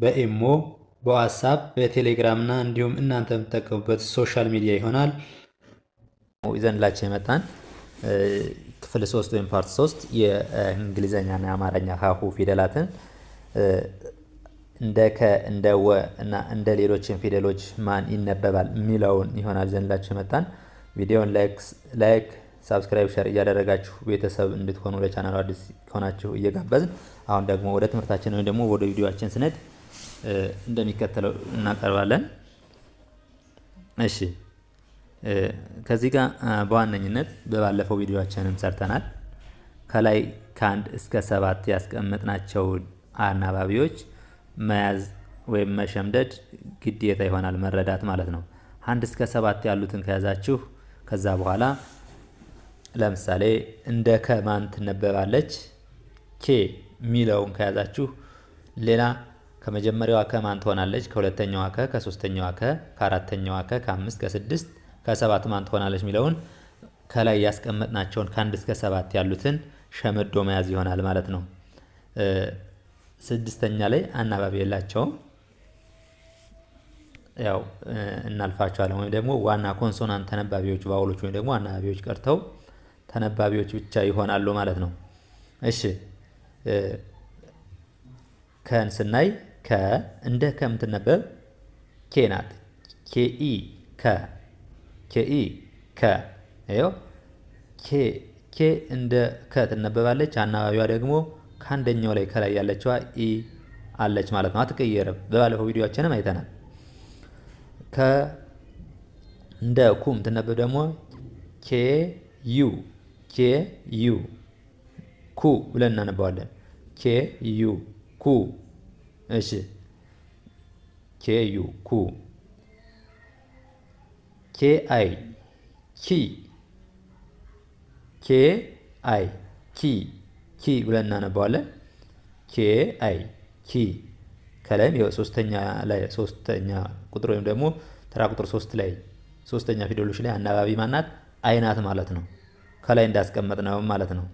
በኤሞ በዋትሳፕ በቴሌግራም እና እንዲሁም እናንተ የምትጠቀሙበት ሶሻል ሚዲያ ይሆናል። ይዘንላቸው የመጣን ክፍል ሶስት ወይም ፓርት ሶስት ና የአማርኛ ሀሁ ፊደላትን እንደ ከ እንደ ወ እና እንደ ሌሎችን ፊደሎች ማን ይነበባል የሚለውን ይሆናል ዘንላቸው የመጣን ቪዲዮን ላይክ ሳብስክራይብ ሸር እያደረጋችሁ ቤተሰብ እንድትሆኑ ለቻናሉ አዲስ ከሆናችሁ እየጋበዝን አሁን ደግሞ ወደ ትምህርታችን ወይም ደግሞ ወደ ቪዲዮችን ስነድ እንደሚከተለው እናቀርባለን። እሺ ከዚህ ጋር በዋነኝነት በባለፈው ቪዲዮችንም ሰርተናል። ከላይ ከአንድ እስከ ሰባት ያስቀመጥናቸውን አናባቢዎች መያዝ ወይም መሸምደድ ግዴታ ይሆናል፣ መረዳት ማለት ነው። አንድ እስከ ሰባት ያሉትን ከያዛችሁ ከዛ በኋላ ለምሳሌ እንደ ከማን ትነበባለች ኬ የሚለውን ከያዛችሁ ሌላ ከመጀመሪያዋ ከ ማን ትሆናለች? ከሁለተኛዋ ከ፣ ከሶስተኛዋ ከ፣ ከአራተኛዋ ከ፣ ከአምስት ከስድስት ከሰባት ማን ትሆናለች የሚለውን ከላይ ያስቀመጥናቸውን ከአንድ እስከ ሰባት ያሉትን ሸመዶ መያዝ ይሆናል ማለት ነው። ስድስተኛ ላይ አናባቢ የላቸውም። ያው እናልፋቸዋለን ወይም ደግሞ ዋና ኮንሶናንት ተነባቢዎች ቫውሎች ወይም ደግሞ አናባቢዎች ቀርተው ተነባቢዎች ብቻ ይሆናሉ ማለት ነው። እሺ ከን ስናይ ከ እንደ ከምትነበብ ኬ ናት። ኬኢ ከ ኬኢ ከ ው ኬ እንደ ከ ትነበባለች። አናባቢዋ ደግሞ ከአንደኛው ላይ ከላይ ያለችዋ ኢ አለች ማለት ነው። አትቀየርም። በባለፈው ቪዲዮችንም አይተናል። ከ እንደ ኩ የምትነበብ ደግሞ ኬ ዩ ኬ ዩ ኩ ብለን እናነባዋለን። ኬ ዩ ኩ እሺ ኬዩ ኩ ኬ አይ ኪ ኬ አይ ኪ ኪ ብለን እናነባዋለን። ኬ አይ ኪ ከላይም ሶስተኛ ላይ ሶስተኛ ቁጥር ወይም ደግሞ ተራ ቁጥር ሶስት ላይ ሶስተኛ ፊደሎች ላይ አናባቢ ማናት አይናት ማለት ነው። ከላይ እንዳስቀመጥ ነው ማለት ነው።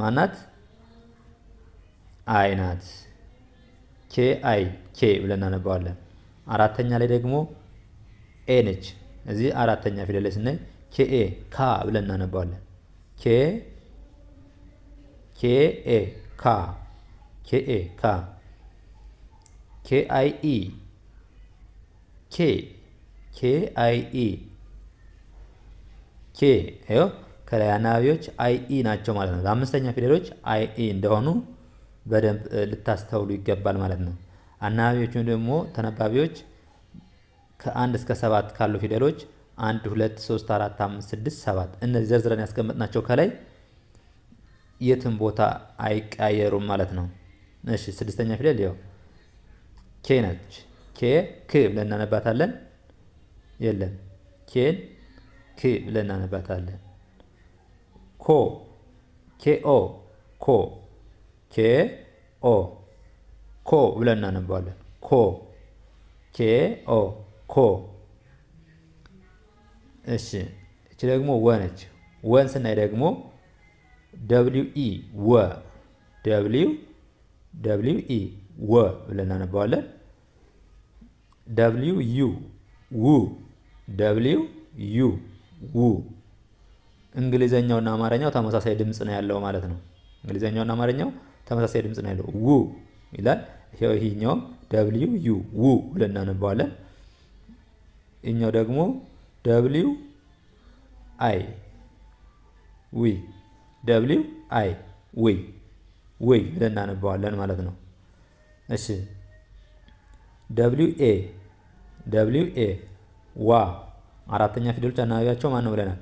ማናት አይናት ኬ አይ ኬ ብለን እናነባዋለን። አራተኛ ላይ ደግሞ ኤ ነች። እዚህ አራተኛ ፊደል ላይ ስናይ ኬ ኤ ካ ብለን እናነባዋለን። ኬ ኬ ኤ ካ ኬ ኤ ካ ኬ አይ ኢ ኬ ኬ አይ ኢ ኬ ከላይ አናባቢዎች አይ ኢ e ናቸው ማለት ነው። አምስተኛ ፊደሎች አይ ኢ e እንደሆኑ በደንብ ልታስተውሉ ይገባል ማለት ነው። ወይም ደግሞ ተነባቢዎች ከአንድ እስከ ሰባት ካሉ ፊደሎች አንድ ሁለት ሶስት አራት አምስት ስድስት ሰባት እነዚህ ዘርዝረን ያስቀመጥናቸው ከላይ የትም ቦታ አይቀየሩም ማለት ነው። እሺ ስድስተኛ ፊደል ያው ኬ ነች። ኬ ክ ብለን እናነባታለን። የለም ኬን ክ ብለን እናነባታለን። ኮ ኬኦ ኮ ኬ ኦ ኮ ብለን እናነባለን። ኮ ኬ ኦ ኮ። እሺ እቺ ደግሞ ወ ነች። ወን ስናይ ደግሞ ደብሊው ኢ ወ ደብሊው ደብሊው ኢ ወ ብለን እናነባዋለን። ደብሊው ዩ ው ደብሊው ዩ ው። እንግሊዘኛውና አማርኛው ተመሳሳይ ድምፅ ነው ያለው ማለት ነው። እንግሊዘኛውና አማርኛው ተመሳሳይ ድምፅ ነው ያለው ው ይላል። ይህኛውም ደብልዩ ዩ ው ብለን እናነባዋለን። እኛው ደግሞ ደብልዩ አይ ዊ ደብልዩ አይ ዊ ዊ ብለን እናነባዋለን ማለት ነው። እሺ ኤ ኤ ዋ አራተኛ ፊደሎች አናባቢያቸው ማን ነው ብለናል?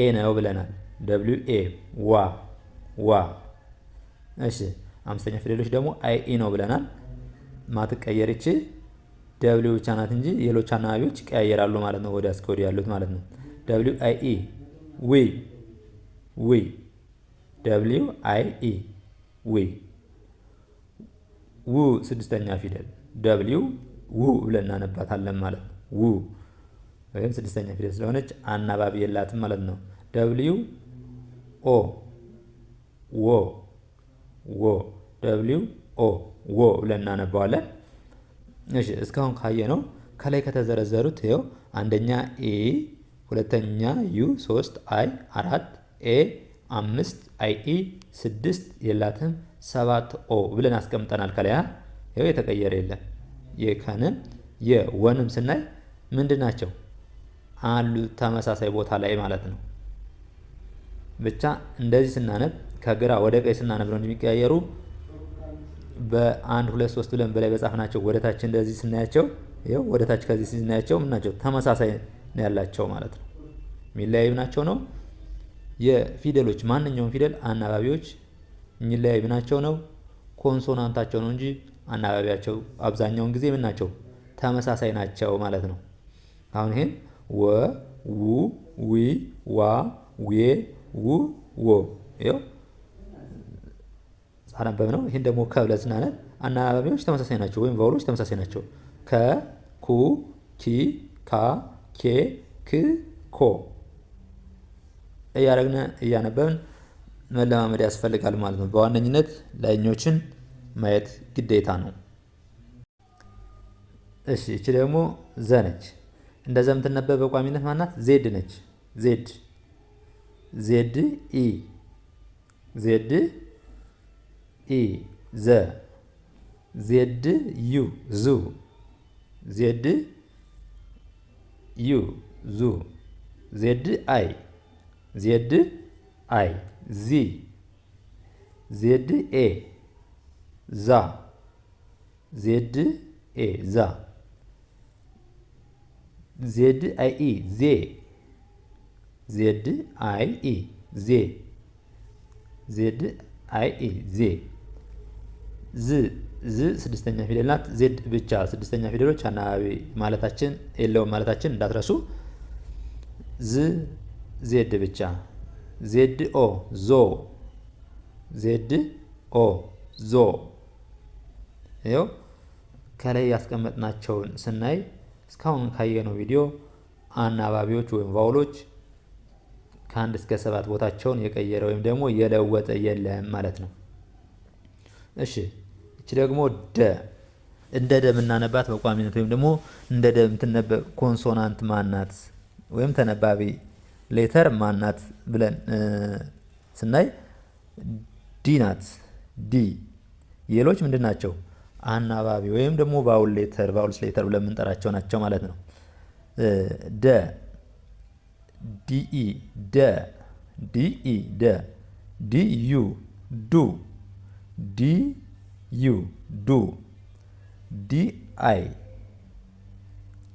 ኤ ነው ብለናል። ደብልዩ ኤ ዋ ዋ እሺ አምስተኛ ፊደሎች ደግሞ አይ ኢ ነው ብለናል። ማትቀየር እቺ ደብሊው ብቻ ናት እንጂ ሌሎች አናባቢዎች ይቀያየራሉ ማለት ነው። ወዲያ እስከ ወዲህ ያሉት ማለት ነው። ደብሊው አይ ኢ ዊ ዊ ደብሊው አይ ኢ ዊ ው ስድስተኛ ፊደል ደብሊው ው ብለን እናነባታለን ማለት ነው። ው ወይም ስድስተኛ ፊደል ስለሆነች አናባቢ የላትም ማለት ነው። ደብሊው ኦ ዎ ዎ ደብሊው ኦ ዎ ብለን እናነባዋለን። እሺ እስካሁን ካየ ነው ከላይ ከተዘረዘሩት ይኸው አንደኛ ኤ፣ ሁለተኛ ዩ፣ ሶስት አይ፣ አራት ኤ፣ አምስት አይ ኢ፣ ስድስት የላትም፣ ሰባት ኦ ብለን አስቀምጠናል። ከላያ ይኸው የተቀየረ የለም። የከንም የወንም ስናይ ምንድን ናቸው አሉ ተመሳሳይ ቦታ ላይ ማለት ነው። ብቻ እንደዚህ ስናነብ ከግራ ወደ ቀኝ ስናነብ ነው እንደሚቀያየሩ በአንድ ሁለት ሶስት ብለን በላይ በጻፍናቸው ወደታች እንደዚህ ስናያቸው ይኸው ወደታች ከዚህ ስናያቸው ምን ተመሳሳይ ነው ያላቸው ማለት ነው። የሚለያዩ ናቸው ነው። የፊደሎች ማንኛውም ፊደል አናባቢዎች የሚለያዩ ናቸው ነው። ኮንሶናንታቸው ነው እንጂ አናባቢያቸው አብዛኛውን ጊዜ ምን ናቸው? ተመሳሳይ ናቸው ማለት ነው። አሁን ይሄን ወ፣ ው፣ ዊ፣ ዋ፣ ዌ፣ ው፣ ዎ አነበብ ነው። ይህን ደግሞ ከብለን ስናነብ አናባቢዎች ተመሳሳይ ናቸው፣ ወይም ቫውሎች ተመሳሳይ ናቸው። ከ፣ ኩ፣ ኪ፣ ካ፣ ኬ፣ ክ፣ ኮ እያደረግን እያነበብን መለማመድ ያስፈልጋል ማለት ነው። በዋነኝነት ላይኞችን ማየት ግዴታ ነው። እሺ እቺ ደግሞ ዘ ነች። እንደዛ የምትነበብ በቋሚነት ማናት? ዜድ ነች። ዜድ ዜድ ኢ ዜድ ኤ ዘ ዜድ ዩ ዙ ዜድ ዩ ዙ ዜድ አይ ዜድ አይ ዚ ዜድ ኤ ዛ ዜድ ኤ ዛ ዜድ አይ ኢ ዜ ዜድ አይ ኢ ዜ ዜድ አይ ኢ ዜ ዝ ዝ ስድስተኛ ፊደል ናት። ዜድ ብቻ ስድስተኛ ፊደሎች አናባቢ ማለታችን የለውም ማለታችን እንዳትረሱ። ዝ ዜድ ብቻ ዜድ ኦ ዞ ዜድ ኦ ዞ ይኸው ከላይ ያስቀመጥናቸውን ስናይ እስካሁን ካየነው ቪዲዮ አናባቢዎች ወይም ቫውሎች ከአንድ እስከ ሰባት ቦታቸውን የቀየረ ወይም ደግሞ የለወጠ የለም ማለት ነው። እሺ እች ደግሞ ደ እንደ ደ የምናነባት በቋሚነት ወይም ደግሞ እንደ ደ የምትነበብ ኮንሶናንት ማናት ወይም ተነባቢ ሌተር ማናት ብለን ስናይ ዲ ናት። ዲ የሎች ምንድን ናቸው? አናባቢ ወይም ደግሞ ባውል ሌተር ባውልስ ሌተር ብለን የምንጠራቸው ናቸው ማለት ነው። ደ ዲኢ ደ ዲኢ ደ ዲዩ ዱ ዲ you do di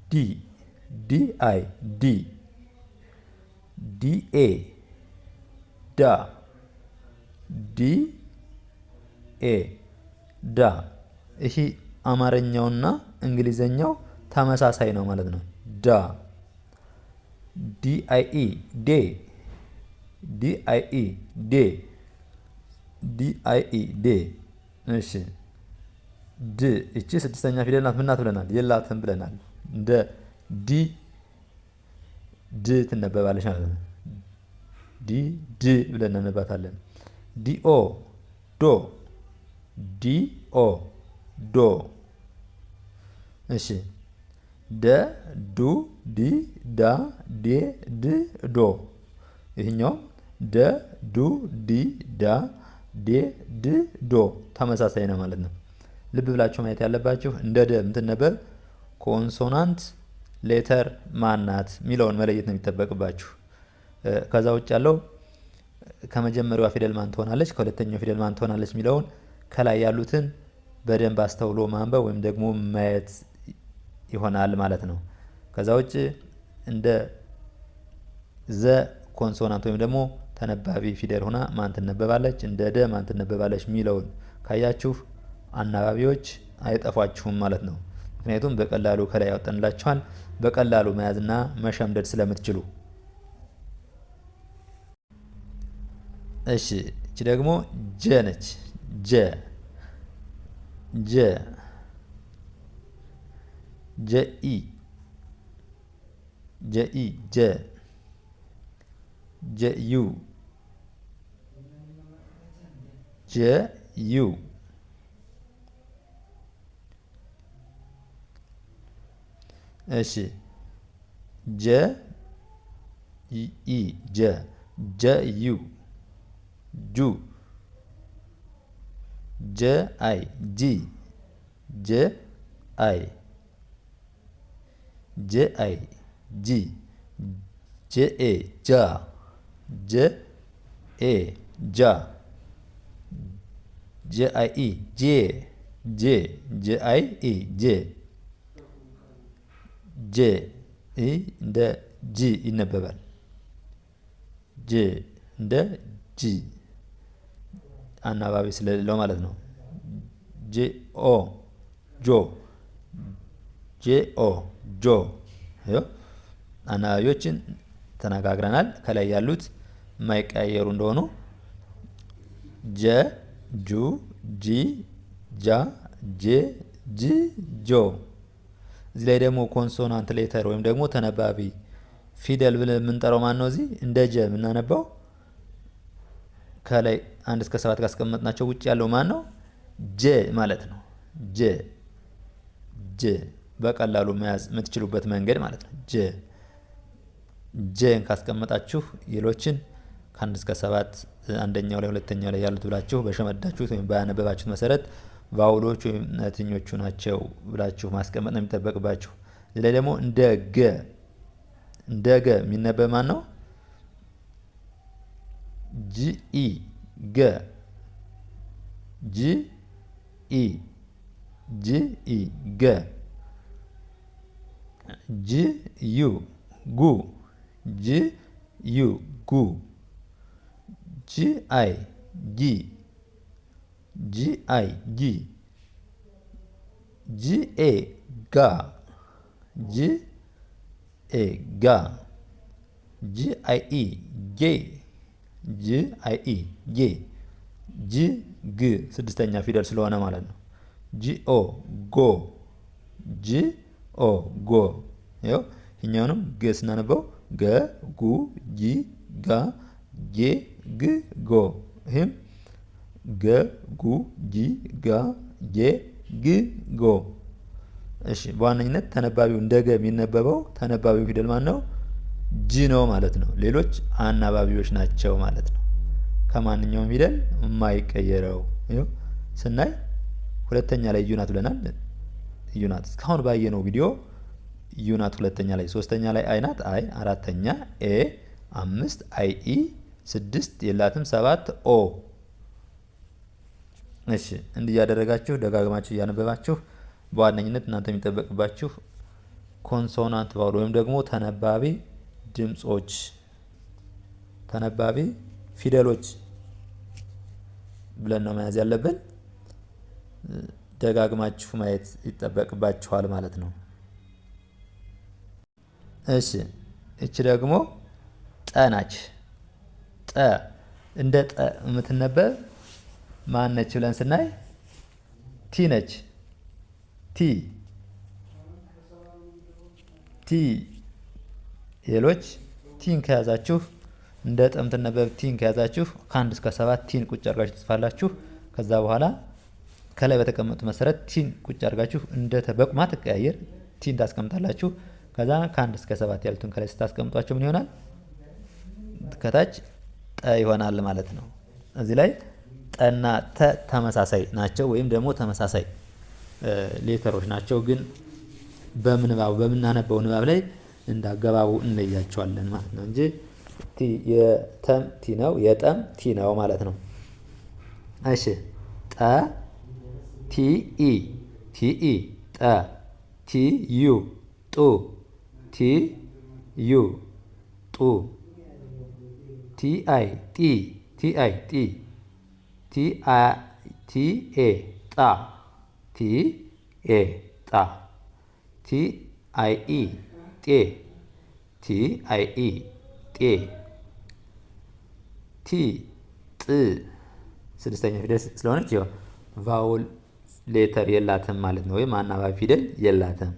d di d da da ዲኤ ዳ ይህ አማርኛውና እንግሊዘኛው ተመሳሳይ ነው ማለት ነው። ዳ ዲአይኢ ዴ ዲአይኢ ዴ ዲአይኢ ዴ እሺ ድ እቺ ስድስተኛ ፊደል ናት። ምናት ብለናል? የላትም ብለናል። እንደ ዲ ድ ትነበባለች ማለት ነው። ዲ ድ ብለን እናነባታለን። ዲኦ ዶ ዲ ኦ ዶ እሺ ደ ዱ ዲ ዳ ዴ ድ ዶ ይህኛውም ደ ዱ ዲ ዳ ዴ ድ ዶ ተመሳሳይ ነው ማለት ነው። ልብ ብላችሁ ማየት ያለባችሁ እንደ ደ የምትነበብ ኮንሶናንት ሌተር ማናት የሚለውን መለየት ነው የሚጠበቅባችሁ። ከዛ ውጭ ያለው ከመጀመሪያዋ ፊደል ማን ትሆናለች፣ ከሁለተኛው ፊደል ማን ትሆናለች የሚለውን ከላይ ያሉትን በደንብ አስተውሎ ማንበብ ወይም ደግሞ ማየት ይሆናል ማለት ነው። ከዛ ውጭ እንደ ዘ ኮንሶናንት ወይም ደግሞ ተነባቢ ፊደል ሆና ማን ትነበባለች፣ እንደ ደ ማን ትነበባለች የሚለውን ካያችሁ አናባቢዎች አይጠፏችሁም ማለት ነው። ምክንያቱም በቀላሉ ከላይ ያወጣንላችኋል በቀላሉ መያዝና መሸምደድ ስለምትችሉ። እሺ እቺ ደግሞ ጀ ነች። ጀ ጀ ጀኢ ጀኢ ጀ J U J U ऐसे J E J J U Ju J I G J I J I G J A Ja ጀ ኤ ጃ ጄ አይ ኢ ጄ ጄ ጄ አይ ኢ ጄ ጄ እንደ ጂ ይነበባል። ጄ እንደ ጂ አናባቢ ስለሌለው ማለት ነው። ጄ ኦ ጆ ጄ ኦ ጆ አናባቢዎችን ተነጋግረናል። ከላይ ያሉት የማይቀያየሩ እንደሆኑ ጀ ጁ ጂ ጃ ጄ ጂ ጆ። እዚህ ላይ ደግሞ ኮንሶናንት ሌተር ወይም ደግሞ ተነባቢ ፊደል ብለን የምንጠራው ማን ነው? እዚህ እንደ ጀ የምናነባው ከላይ አንድ እስከ ሰባት ካስቀመጥናቸው ውጭ ያለው ማን ነው? ጄ ማለት ነው። ጄ ጄ በቀላሉ መያዝ የምትችሉበት መንገድ ማለት ነው። ጄ ጄን ካስቀመጣችሁ ሌሎችን ከአንድ እስከ ሰባት አንደኛው ላይ ሁለተኛው ላይ ያሉት ብላችሁ በሸመዳችሁት ወይም ባነበባችሁት መሰረት ቫውሎች ወይም ትኞቹ ናቸው ብላችሁ ማስቀመጥ ነው የሚጠበቅባችሁ። እዚህ ላይ ደግሞ እንደ ገ እንደ ገ የሚነበብ ማን ነው? ጂኢ ገ ጂኢ ጂኢ ገ ጂ ዩ ጉ ጂ ዩ ጉ ጂአይ ጊ ጂአይ g a ጋ ጂኤ ጋ ጂአይኢ ጌ ጂአይኢ ጌ ጂ ግ ስድስተኛ ፊደል ስለሆነ ማለት ነው። ጂኦ ጎ ጂኦ ጎ ይኸው ገ ስናነበው ገ ጉ ጂ ጋ ጌ ግ ጎ ይህም ገ ጉ ጂ ጋ ጄ ግ ጎ። እሺ በዋነኝነት ተነባቢው እንደ ገ የሚነበበው ተነባቢው ፊደል ማን ነው? ጂ ነው ማለት ነው። ሌሎች አናባቢዎች ናቸው ማለት ነው። ከማንኛውም ፊደል የማይቀየረው ስናይ ሁለተኛ ላይ ዩናት ብለናል። ዩናት እስካሁን ባየነው ቪዲዮ ዩናት ሁለተኛ ላይ፣ ሶስተኛ ላይ አይናት አይ፣ አራተኛ ኤ፣ አምስት አይ ኢ ስድስት የላትም ሰባት ኦ። እሺ እንዲህ እያደረጋችሁ ደጋግማችሁ እያነበባችሁ በዋነኝነት እናንተ የሚጠበቅባችሁ ኮንሶናንት ቫውል ወይም ደግሞ ተነባቢ ድምጾች ተነባቢ ፊደሎች ብለን ነው መያዝ ያለብን። ደጋግማችሁ ማየት ይጠበቅባችኋል ማለት ነው። እሺ እቺ ደግሞ ጠናች። ጠ እንደ ጠ የምትነበብ ማን ነች ብለን ስናይ ቲ ነች። ቲ ቲ ሌሎች ቲን ከያዛችሁ እንደ ጠ የምትነበብ ቲን ከያዛችሁ ከአንድ እስከ ሰባት ቲን ቁጭ አድርጋችሁ ትጽፋላችሁ። ከዛ በኋላ ከላይ በተቀመጡ መሰረት ቲን ቁጭ አድርጋችሁ እንደ ተበቁማ ትቀያየር ቲን ታስቀምጣላችሁ። ከዛ ከአንድ እስከ ሰባት ያሉትን ከላይ ስታስቀምጧቸው ምን ይሆናል ከታች ይሆናል ማለት ነው። እዚህ ላይ ጠና ተ ተመሳሳይ ናቸው ወይም ደግሞ ተመሳሳይ ሌተሮች ናቸው፣ ግን በምንባቡ በምናነበው ንባብ ላይ እንዳገባቡ እንለያቸዋለን ማለት ነው እንጂ የተም ቲ ነው የጠም ቲ ነው ማለት ነው። እሺ ጠ ቲ ኢ ቲ ኢ ጠ ቲ ዩ ጡ ቲ ዩ ጡ ቲአይ ጢ ቲአይ ጢ ቲኤ ጣ ቲኤ ጣ ኢ ጤ ቲአይኢ ጤ ቲ ጥ ስድስተኛ ፊደል ስለሆነች ይኸው ቫውል ሌተር የላትም ማለት ነው፣ ወይም አናባቢ ፊደል የላትም።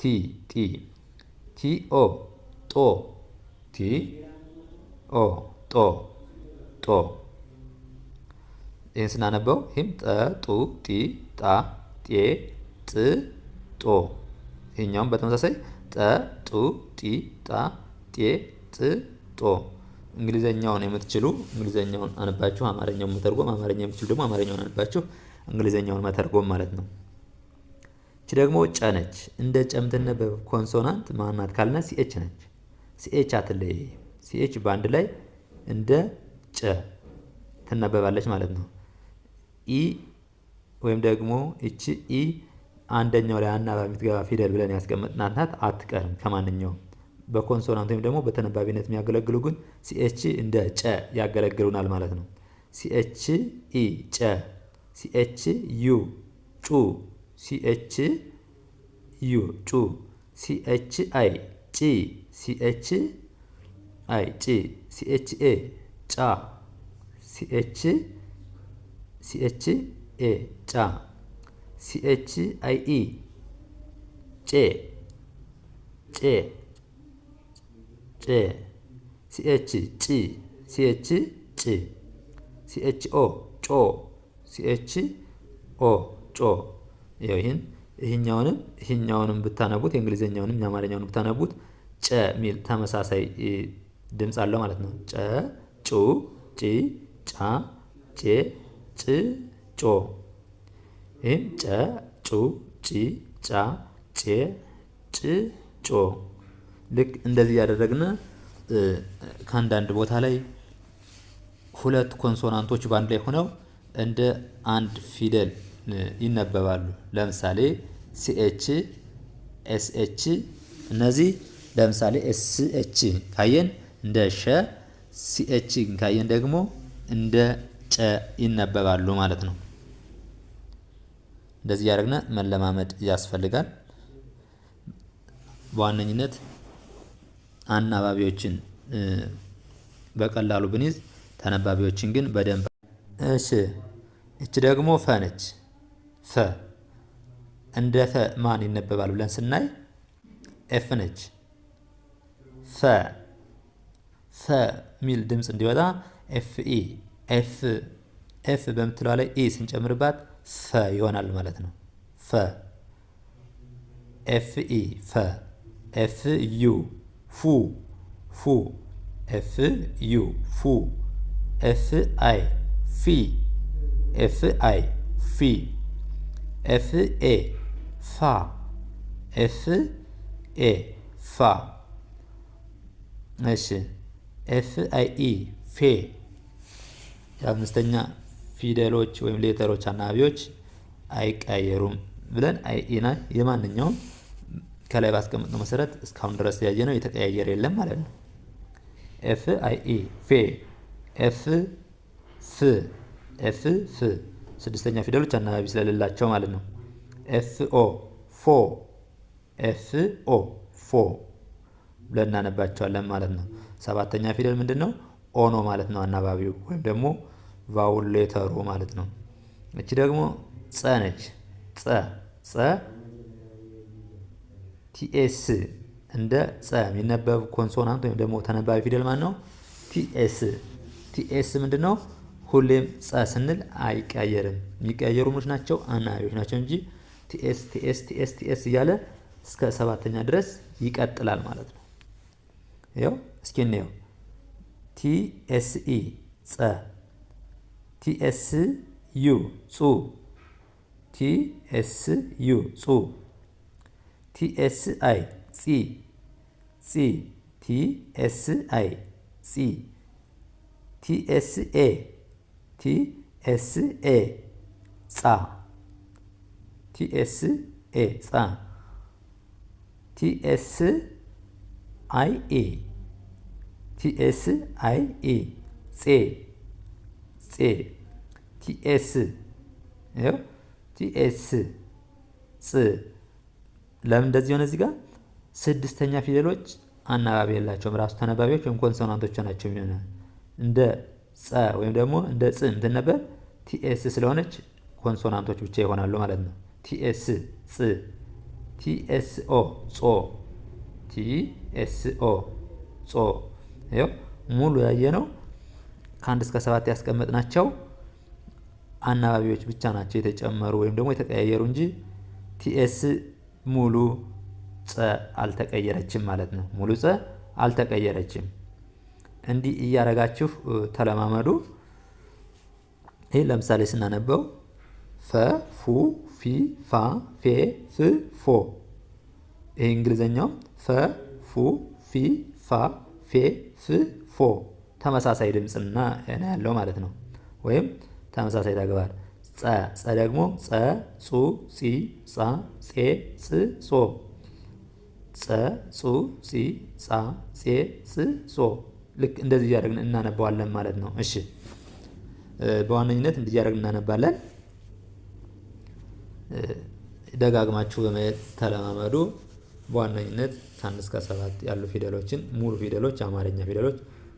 ቲ ጢ ቲ ኦ ጦ ቲ ኦ ጦ ጦ ይህን ስናነበው ይህም ጠ ጡ ጢ ጣ ጤ ጥ ጦ ይህኛውም በተመሳሳይ ጠ ጡ ጢ ጣ ጤ ጥ ጦ እንግሊዘኛውን የምትችሉ እንግሊዘኛውን አንባችሁ አማርኛውን መተርጎም፣ አማርኛ የምትችሉ ደግሞ አማርኛውን አንባችሁ እንግሊዘኛውን መተርጎም ማለት ነው። እቺ ደግሞ ጨነች። እንደ ጨምትነበብ ኮንሶናንት ማናት ካልነ ሲኤች ነች። ሲኤች አትለይ። ሲኤች በአንድ ላይ እንደ ጨ ትነበባለች ማለት ነው። ኢ ወይም ደግሞ እቺ ኢ አንደኛው ላይ አናባቢ የምትገባ ፊደል ብለን ያስቀመጥናት ናት። አትቀርም ከማንኛውም በኮንሶናንት ወይም ደግሞ በተነባቢነት የሚያገለግሉ ግን ሲኤች እንደ ጨ ያገለግሉናል ማለት ነው። ሲኤች ኢ ጨ፣ ሲኤች ዩ ጩ፣ ሲኤች ዩ ጩ፣ ሲኤች አይ ጪ ሲኤች አይ ጭ ሲኤች ኤ ጫ ሲኤች ሲኤች ኤ ጫ ሲኤች አይ ኢ ጬ ጬ ጬ ሲኤች ጭ ሲኤች ጭ ሲኤች ኦ ጮ ሲኤች ኦ ጮ ይህን ይህኛውንም ይህኛውንም ብታነቡት የእንግሊዝኛውንም የአማርኛውንም ብታነቡት ጨ የሚል ተመሳሳይ ድምፅ አለው ማለት ነው። ጨ፣ ጩ፣ ጪ፣ ጫ፣ ጬ፣ ጭ፣ ጮ። ይህም ጨ፣ ጩ፣ ጪ፣ ጫ፣ ጬ፣ ጭ፣ ጮ። ልክ እንደዚህ ያደረግነ ከአንዳንድ ቦታ ላይ ሁለት ኮንሶናንቶች በአንድ ላይ ሆነው እንደ አንድ ፊደል ይነበባሉ። ለምሳሌ ሲኤች፣ ኤስኤች እነዚህ ለምሳሌ ኤስኤች ካየን እንደ ሸ፣ ሲኤች ካየን ደግሞ እንደ ጨ ይነበባሉ ማለት ነው። እንደዚህ ያደረግነ መለማመድ ያስፈልጋል። በዋነኝነት አናባቢዎችን በቀላሉ ብንይዝ ተነባቢዎችን ግን በደንብ እሺ። እች ደግሞ ፈነች ፈ እንደ ፈ ማን ይነበባል ብለን ስናይ ኤፍ ነች። ሰ ሰ ሚል ድምፅ እንዲወጣ ኤፍ ኢ ኤፍ ኤፍ በምትለዋ ላይ ኢ ስንጨምርባት ፈ ይሆናል ማለት ነው። ፈ ኤፍ ኢ ፈ ኤፍ ዩ ፉ ፉ ኤፍ ዩ ፉ ኤፍ አይ ፊ ኤፍ አይ ፊ ኤፍ ኤ ፋ ኤፍ ኤ ፋ እሺ ኤፍ አይ ኢ ፌ የአምስተኛ ፊደሎች ወይም ሌተሮች አናባቢዎች አይቀያየሩም ብለን አይ ኢና የማንኛውም ከላይ ባስቀመጥነው መሰረት እስካሁን ድረስ ያየ ነው የተቀያየረ የለም ማለት ነው። ኤፍ አይ ኢ ፌ ኤፍ ፍ ኤፍ ፍ ስድስተኛ ፊደሎች አናባቢ ስለሌላቸው ማለት ነው። ኤፍ ኦ ፎ ኤፍ ኦ ፎ ብለን እናነባቸዋለን ማለት ነው። ሰባተኛ ፊደል ምንድን ነው? ኦኖ ማለት ነው አናባቢው ወይም ደግሞ ቫውል ሌተሩ ማለት ነው። እቺ ደግሞ ጸ ነች። ጸ ጸ ቲኤስ እንደ ጸ የሚነበብ ኮንሶናንት ወይም ደግሞ ተነባቢ ፊደል ማለት ነው። ቲኤስ ቲኤስ ምንድን ነው? ሁሌም ጸ ስንል አይቀየርም። የሚቀየሩ ምኖች ናቸው አናባቢዎች ናቸው እንጂ ቲኤስ ቲኤስ ቲኤስ ቲኤስ እያለ እስከ ሰባተኛ ድረስ ይቀጥላል ማለት ነው። ይኸው እስኪ እንየው። ቲኤስኢ ጸ ቲኤስ ዩ ጹ ቲኤስ ዩ ጹ ቲኤስ አይ ጺ ጺ ቲኤስ አይ ጺ ቲኤስ ኤ ቲኤስ ኤ ጻ ቲኤስ ኤ ጻ ቲኤስ አይ ኤ ቲኤስ አይ ኤ ጼ ጼ ቲኤስ ይኸው ቲኤስ ጽ ለምን እንደዚህ ሆነ? እዚህ ጋር ስድስተኛ ፊደሎች አናባቢ የላቸውም። ራሱ ተነባቢዎች ወይም ኮንሶናንቶች ናቸው የሚሆነ እንደ ጸ ወይም ደግሞ እንደ ጽ የምትነበብ ቲኤስ ስለሆነች ኮንሶናንቶች ብቻ ይሆናሉ ማለት ነው። ቲኤስ ጽ፣ ቲኤስ ጾ ጂኤስኦ ጾ ይኸው ሙሉ ያየ ነው። ከአንድ እስከ ሰባት ያስቀመጥናቸው አናባቢዎች ብቻ ናቸው የተጨመሩ ወይም ደግሞ የተቀያየሩ እንጂ ቲኤስ ሙሉ ጸ አልተቀየረችም ማለት ነው። ሙሉ ጸ አልተቀየረችም። እንዲህ እያደረጋችሁ ተለማመዱ። ይህ ለምሳሌ ስናነበው ፈ ፉ ፊ ፋ ፌ ፍ ፎ ይህ እንግሊዘኛው ፈ ፉ ፊ ፋ ፌ ፍ ፎ ተመሳሳይ ድምፅና ና ያለው ማለት ነው። ወይም ተመሳሳይ ተግባር ጸ ጸ ደግሞ ጸ ጹ ጺ ጻ ጼ ጽ ጾ ጸ ጹ ጺ ጻ ጼ ጽ ጾ ልክ እንደዚህ እያደረግን እናነባዋለን ማለት ነው። እሺ በዋነኝነት እንደዚህ እያደረግን እናነባለን። ደጋግማችሁ በመሄድ ተለማመዱ። በዋነኝነት ከአንድ እስከ ሰባት ያሉ ፊደሎችን ሙሉ ፊደሎች አማርኛ ፊደሎች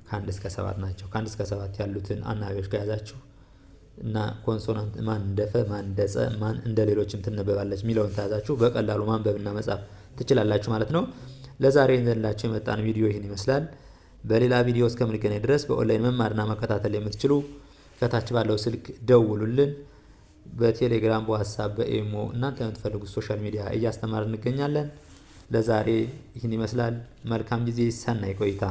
ከአንድ እስከ ሰባት ናቸው። ከአንድ እስከ ሰባት ያሉትን አናባቢዎች ከያዛችሁ እና ኮንሶናንት ማን እንደፈ ማን እንደጸ ማን እንደ ሌሎችም ትነበባለች የሚለውን ተያዛችሁ በቀላሉ ማንበብና መጻፍ ትችላላችሁ ማለት ነው። ለዛሬ እንዘላችሁ የመጣን ቪዲዮ ይህን ይመስላል። በሌላ ቪዲዮ እስከምንገናኝ ድረስ በኦንላይን መማርና መከታተል የምትችሉ ከታች ባለው ስልክ ደውሉልን። በቴሌግራም፣ በዋትሳፕ፣ በኢሞ እናንተ የምትፈልጉት ሶሻል ሚዲያ እያስተማር እንገኛለን። ለዛሬ ይህን ይመስላል። መልካም ጊዜ፣ ሰናይ ቆይታ